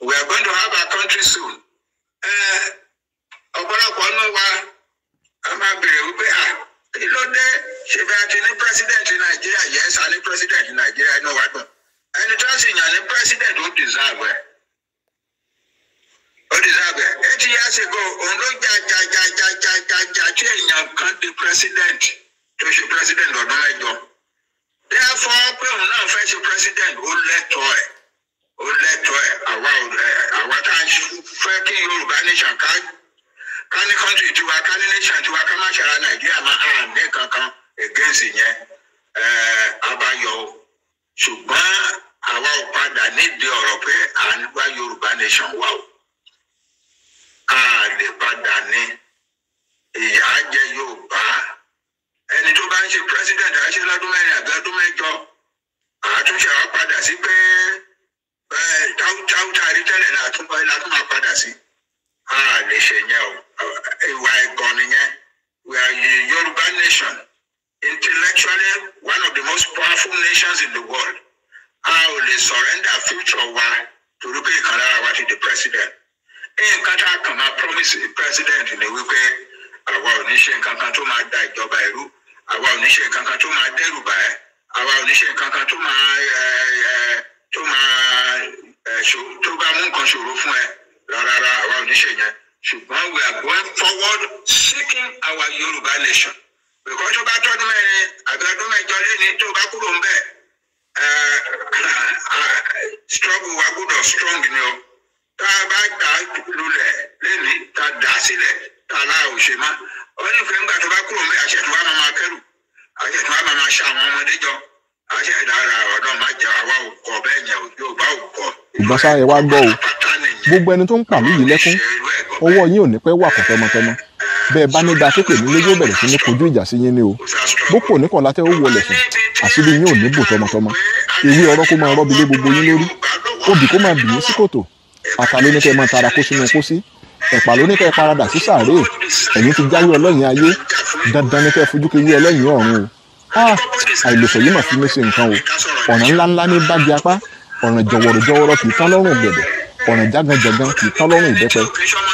we are going to have our country soon. ọ̀pọ̀lọpọ̀ ọ̀nà wa a máa bèrè wípé à kí ló dé ṣe bí a ti ní president nàìjíríà yes a ní president nàìjíríà inú wa dùn ẹni tó sì yàn ní president ó deserve ẹ ó deserve ẹ eighty years ago òun ló jà jà jà jà jà jà jà tí èèyàn kan di president tó ṣe president ọdún mẹ́jọ therefore pé òun náà fẹ́ ṣe president ó lẹ́tọ̀ọ́ ẹ̀ ó lẹ́tọ̀ọ́ fẹ́ kí Yorùbá nation ká ká ní country tiwa ká ní nation tiwa ká má ṣara Nàìjíríà má hàn ní kankan against yẹn eh, abayọ ṣùgbọ́n àwa ò padà nídìí ọ̀rọ̀ pé à ń wá Yorùbá nation wà o a lè padà ní ìyá jẹ Yorùbá ẹni tó bá ń ṣe president àṣẹ lọ́dún mẹ́rin àbí ọdún mẹ́jọ àtúnṣe àwa padà sí pé nation, intellectually one of the most powerful nations in the world. A ò lè surrender future wa torí pé ìkan lára wa ti di president. Nǹkan tá a kàn máa promise president ni wípé àwa ò ní ṣe nǹkan kan tó máa da ìjọba ìlú, àwa ò ní ṣe nǹkan kan tó máa dẹ́rù bà ẹ́, àwa ò ní ṣe nǹkan tó máa tó máa tó bá mú nǹkan ṣòro fún ẹ rárá àwa ò ní ṣe yẹn. Ṣùgbọ́n we are going forward seeking our Yoruba nation. because tó bá tọ́dún mẹ́rin àbí ọdún lónìí tó bá kúrò ń bẹ̀ wa gbọ́dọ̀ strong ni tá a bá gbà lulẹ̀ tá a dà sílẹ̀ tá a má ńgbà tó bá kúrò ń bẹ̀ àṣẹ tó máa kẹ́rù máa ṣe àwọn ọmọdé jọ àṣẹ àwa òkọ bẹ́ẹ̀ yẹn bẹ́ẹ̀ bá ní gba kéèké ní lójú bẹ̀rẹ̀ sí ní kojú ìjà sí yín ni o bó kò ní kàn látẹ́ ó wọlé fún àṣírí yín ò ní bò tọmọtọmọ ewé ọ̀rọ̀ kó máa rọ́bi lé gbogbo yín lórí obì kó máa bì yín sí kòtò àtà ló ní kẹ́ máa tara kó sínú kó sí ẹ̀pà ló ní kẹ́ paradà sí sàárè ẹ̀yin ti jáwé ọlọ́yin ayé dandan ní kẹ́ fojú kewé ọlọ́yin ọ̀run o àìlèsọ yìí mà fi mí ṣe nǹkan o ọ̀nà ńláńlá ní bá di apá ọ̀nà jọ̀wọ̀rọ̀ jọ̀wọ̀rọ̀ kì í tán lọ́rùn gbẹ̀dẹ̀ ọ̀ràn jágànjàgàn kì í tán lọ́rùn ìbẹ́pẹ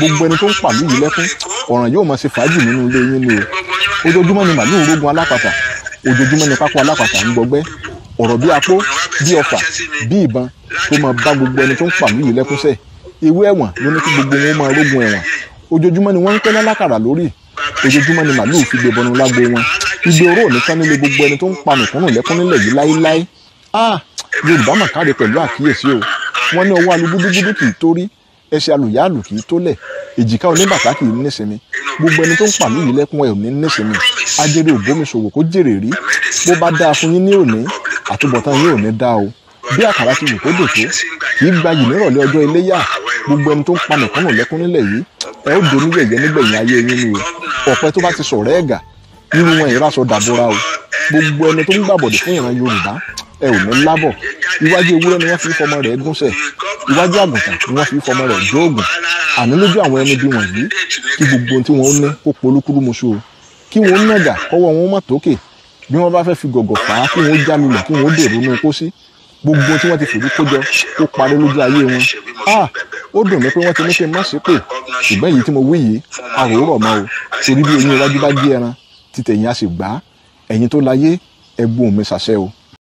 gbogbo ẹni tó ń pàlú yìí lẹ́kún ọ̀ràn yóò máa ṣe fàájì nínú ilé yín ni o ojoojúmọ́ ni màlúù rógun alápàtà ojoojúmọ́ ni pákó alápàtà ń gbọgbẹ́ ọ̀rọ̀ bí apó bí ọfà bí ìbọn tó máa bá gbogbo ẹni tó ń pàlú yìí lẹ́kún sẹ́ ewé ẹ̀wọ̀n ló ní kí gbogbo wọn máa rógun ẹ̀wọ̀n ojoojúmọ́ ni wọ́n ń ojoojúmọ́ ni màlúù fi gbẹbọnu lágbo wọn igbe oró òní tán nílé gbogbo ẹni tó ń pa mẹ̀kúnnù lẹ́kún nílẹ̀ yìí láéláé ah! yorùbá mà káre pẹ̀lú àkíyèsí o wọ́n ní ọwọ́ alùbúdúbúdú kì í torí ẹsẹ̀ alùyáàlù kì í tólẹ̀ èjìká oníbàtà kì í nísinmi gbogbo ẹni tó ń pàlú yìí lẹ́kún ẹ̀ ò ní nísinmi ajẹ́rẹ́ ògbómiṣòwò kó jèrè rí bó bá dáa fún yín ní òní àtúbọ̀tán yín ò ní dáa o bí àkàrà ti wù kó dò tó kì í gbayì nírọ̀lẹ́ ọjọ́ iléyà gbogbo ẹni tó ń pa mẹ̀kánù lẹ́kún nílẹ̀ yìí ẹ ó dòní yẹ̀yẹ́ nígbẹ̀yìn ayé yín ni o ọ̀pẹ tó bá ti sọ̀rọ̀ ẹ̀gà irú wọn ìraṣọ dàbora o gbogbo ẹni tó ń gbàbọ̀dẹ̀ fún ìran yorùbá ẹ ò ní lábọ̀ iwájú ewúrẹ́ ni wọ́n fi fọmọ rẹ̀ gúnṣẹ̀ iwájú àgùntàn ni wọ́n fi fọmọ rẹ̀ jóògùn àní lójú àwọn ẹni bí wọ̀nyí kí gbogbo tí wọ́n ní kó polúkúrú muṣu kí wọ́n nàgà kọ́wọ́ wọn má tókè bí wọ́n bá fẹ́ fi gọ̀gọ̀ fà á kí wọ́n já lulẹ̀ kí wọ́n dèrò inú kó sí gbogbo tí wọ́n ti fòjú kójọ kó parí lójú ayé wọn ah ó dùn mí pé wọ́n ti ní kí n má ṣe pé ṣùgbọ́n èyí tí mo wí yìí àròórọ̀ mọ́ o torí bí eyín iwájú bá gé ẹran títẹ̀yìn a ẹ̀yin tó láyé ẹ gbóhùn mi ṣàṣẹ o.